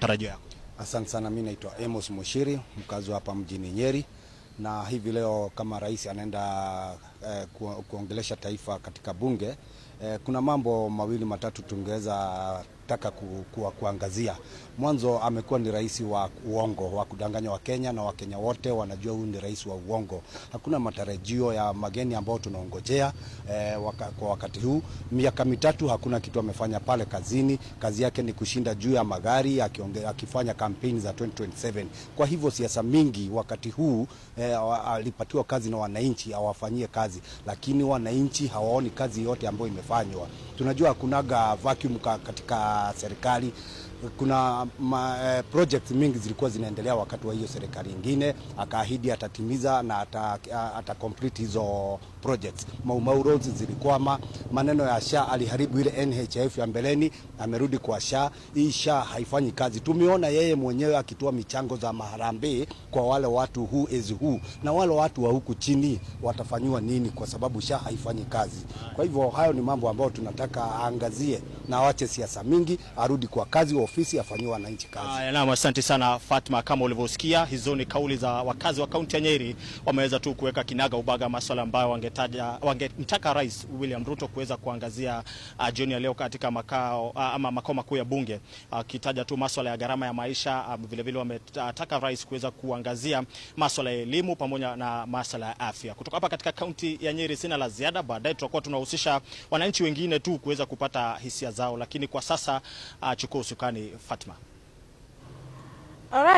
tarajio yako? Asante sana, mimi naitwa Amos Mushiri, mkazi hapa mjini Nyeri, na hivi leo kama rais anaenda eh, kuongelesha taifa katika bunge eh, kuna mambo mawili matatu tungeweza taka ku, ku, kuangazia. Mwanzo amekuwa ni rais wa uongo wa kudanganya Wakenya na Wakenya wote wanajua huyu ni rais wa uongo. Hakuna matarajio ya mageni ambao tunaongojea eh, waka, kwa wakati huu miaka mitatu hakuna kitu amefanya pale kazini. Kazi yake ni kushinda juu ya magari akionge, akifanya kampeni za 2027. Kwa hivyo siasa mingi wakati huu eh, alipatiwa kazi na wananchi awafanyie kazi, lakini wananchi hawaoni kazi yote ambayo imefanywa. Tunajua hakunaga vacuum katika za serikali kuna ma, e, project mingi zilikuwa zinaendelea wakati wa hiyo serikali ingine, akaahidi atatimiza na ata, ata complete hizo projects. Maumau roads zilikwama, maneno ya SHA aliharibu ile NHIF ya mbeleni, amerudi kwa SHA. Hii SHA haifanyi kazi, tumeona yeye mwenyewe akitoa michango za maharambee kwa wale watu who is who, na wale watu wa huku chini watafanyiwa nini? Kwa sababu SHA haifanyi kazi. Kwa hivyo hayo ni mambo ambayo tunataka aangazie na awache siasa mingi, arudi kwa kazi wa ofisi afanyiwe wananchi kazi. Naam, asante sana Fatma. Kama ulivyosikia, hizo ni kauli za wakazi wa kaunti ya Nyeri. Wameweza tu kuweka kinaga ubaga masuala ambayo wangetaja wange, Rais William Ruto kuweza kuangazia uh, jioni ya leo katika makao uh, ama makao makuu ya bunge akitaja uh, tu masuala ya gharama ya maisha um, vile vile wametaka rais kuweza kuangazia masuala ya elimu pamoja na masuala ya afya. Kutoka hapa katika kaunti ya Nyeri sina la ziada, baadaye tutakuwa tunahusisha wananchi wengine tu kuweza kupata hisia zao, lakini kwa sasa uh, chukua usukani. ni Fatma. All right.